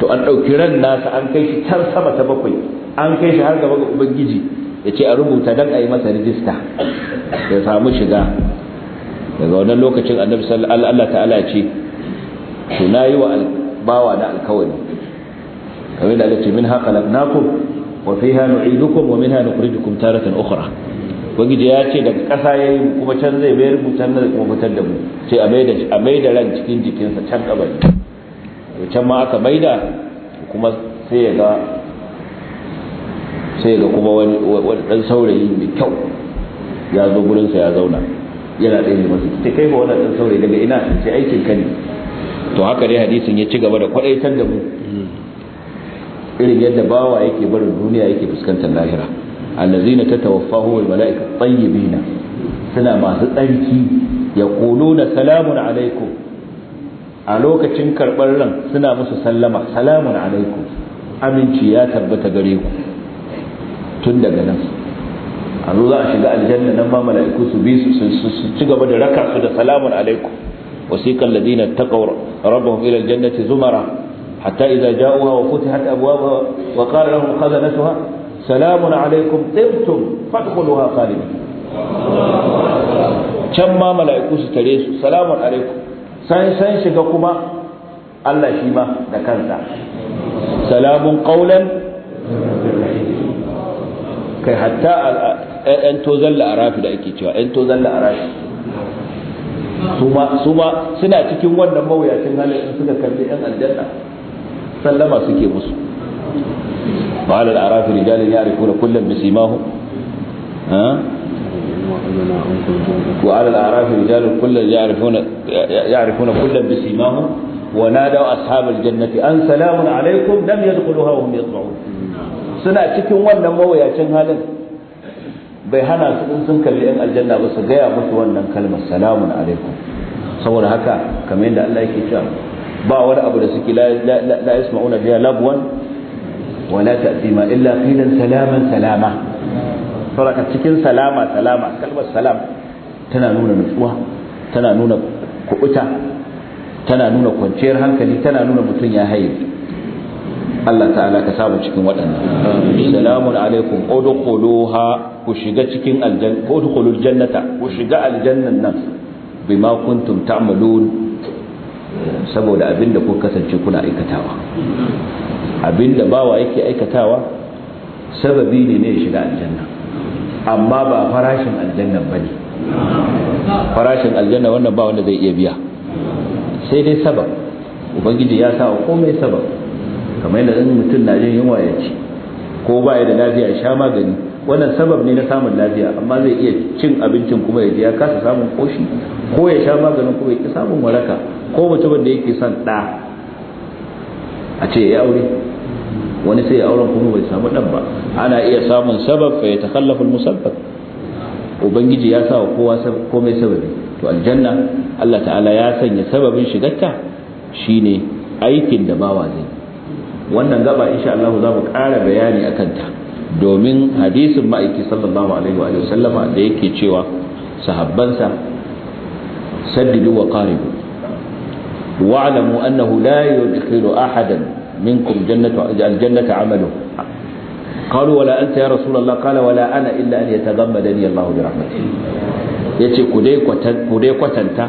to an ɗauki ran nasa an kai shi can sama ta bakwai an kai shi har gaba ga ubangiji ya ce a rubuta don a yi masa rijista ya samu shiga daga wannan lokacin annabi sallallahu Allah ta'ala ce to na wa bawa na alkawari kamar da Allah ce min haqalaknakum wa fiha nu'idukum wa minha nukhrijukum taratan ukhra ubangiji ya ce daga ƙasa ya yi kuma can zai mayar mu da kuma fitar da mu ce a maida ran cikin jikinsa can kabari to can ma aka maida kuma sai ya ga sai ga kuma wani dan saurayi mai kyau ya zo gurinsa ya zauna yana yin masu sai kai ba wani dan saurayi daga ina sai aikin ka ne to haka dai hadisin ya ci gaba da kwadaitar da mu irin yadda bawa yake barin duniya yake fuskantar lahira allazina tatawaffahum almalaikat tayyibina suna masu tsarki yaquluna salamun alaikum a lokacin karɓar ran suna musu sallama salamun alaikum aminci ya tabbata gare ku tun daga nan a zo za a shiga aljanna na ma mala'iku su bi su ci gaba da raka su da salamun alaikum wasiqal ladina taqaw rabbahum ila zumara hatta idza ja'uha wa futihat salamun alaikum tibtum fadkhuluha khalidin can ma mala'iku su tare su salamun alaikum san san shiga kuma Allah shi ma da kansa salamun qaulan kai hatta ɗan tozan la'arafi da ake cewa to tozan la'arafi su Suma suna cikin wannan mawuyacin halin suka kalli 'yan aljanna sallama suke musu wa alal arafi rijalun ya'rifuna kullam bisimahum ha wa alal arafi rijalun kullan ya'rifuna ya'rifuna kullam bisimahum wa nadaw ashabal jannati an salamun alaykum lam yadkhuluha wa hum yatma'un suna cikin wannan mawayacin halin bai hana su in sun kalli yan aljanna ba su gaya musu wannan kalmar salamun alaikum saboda haka kamar da Allah yake cewa ba wani abu da suke wala ta'tima illa filin salaman salama saboda cikin salama salama kalmar salam tana nuna nutsuwa tana nuna kubuta tana nuna kwanciyar hankali tana nuna mutum ya Allah ta'ala ka samu cikin waɗannan salamun alaikum udkhuluha ku shiga cikin aljanna udkhulul jannata ku shiga aljannan nan bima kuntum ta'malun saboda abinda kun kasance kuna aikatawa abinda bawa yake aikatawa sababi ne ne ya shiga aljanna amma ba farashin aljanna bane farashin aljanna wannan ba wanda zai iya biya sai dai sabab ubangiji ya sa komai sabab kamar yadda in mutum na jin yunwa ya ci ko ba ya da lafiya ya sha magani wannan sabab ne na samun lafiya amma zai iya cin abincin kuma ya ji ya kasa samun koshi ko ya sha maganin kuma ya ki samun waraka ko mutumin da yake son ɗa a ce ya aure wani sai auren kuma bai samu dan ba ana iya samun sabab fa yatakhallafu al-musabbab ubangiji ya sa wa komai sababi to aljanna Allah ta'ala ya sanya sababin shigarta shine aikin da bawa zai wannan gaba insha Allah za mu ƙara bayani akan ta domin hadisin ma'aiki sallallahu alaihi wa sallama da yake cewa sahabbansa saddidu wa qaribu wa'lamu annahu la yudkhilu ahadan منكم جنة الجنة عمله قالوا ولا أنت يا رسول الله قال ولا أنا إلا أن يتغمدني الله برحمته yace ku dai ku dai kwatanta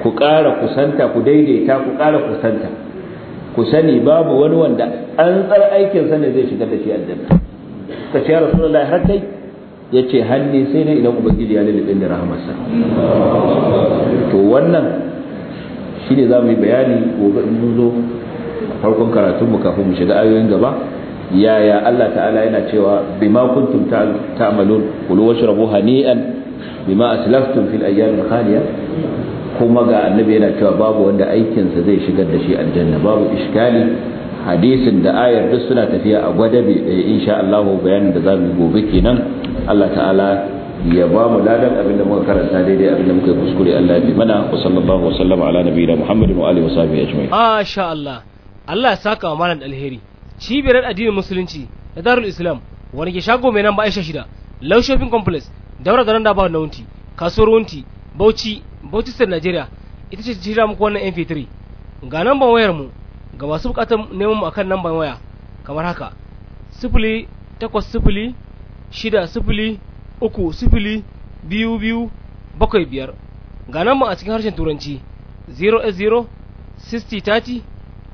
ku ƙara kusanta ku daidaita ku ƙara kusanta ku sani babu wani wanda an tsar aikin sa ne zai da shi ya har yace hanni sai ne idan ubangiji ya lalabe da rahamarsa to wannan shine zamu yi bayani gobe in zo farkon karatunmu kafin mu shiga ayoyin gaba yaya Allah ta'ala yana cewa bima kuntum ta'malun kulu washrabu hani'an bima aslaftum fil ayyamil khaliya kuma ga annabi yana cewa babu wanda aikinsa zai shigar da shi aljanna babu iskali hadisin da ayar duk suna tafiya a gwadabe ɗaya insha Allah bayanin da zamu gobe kenan Allah ta'ala ya ba mu ladan abinda muka karanta daidai abinda muka yi kuskure Allah ya bi mana wa sallallahu wa sallama ala nabiyina Muhammadin wa alihi wa sahbihi ajma'in masha Allah Allah ya saka wa malam alheri cibiyar addinin musulunci da darul islam wani ke shago mai nan ba aisha shida low shopping complex daura garin da ba na wunti kasuwar wunti bauchi bauchi state Najeriya, ita ce jira muku wannan mp3 ga namban wayar mu ga masu bukatar neman mu akan namban waya kamar haka sifili takwas shida uku biyu biyu bakwai biyar ga namban a cikin harshen turanci 0 0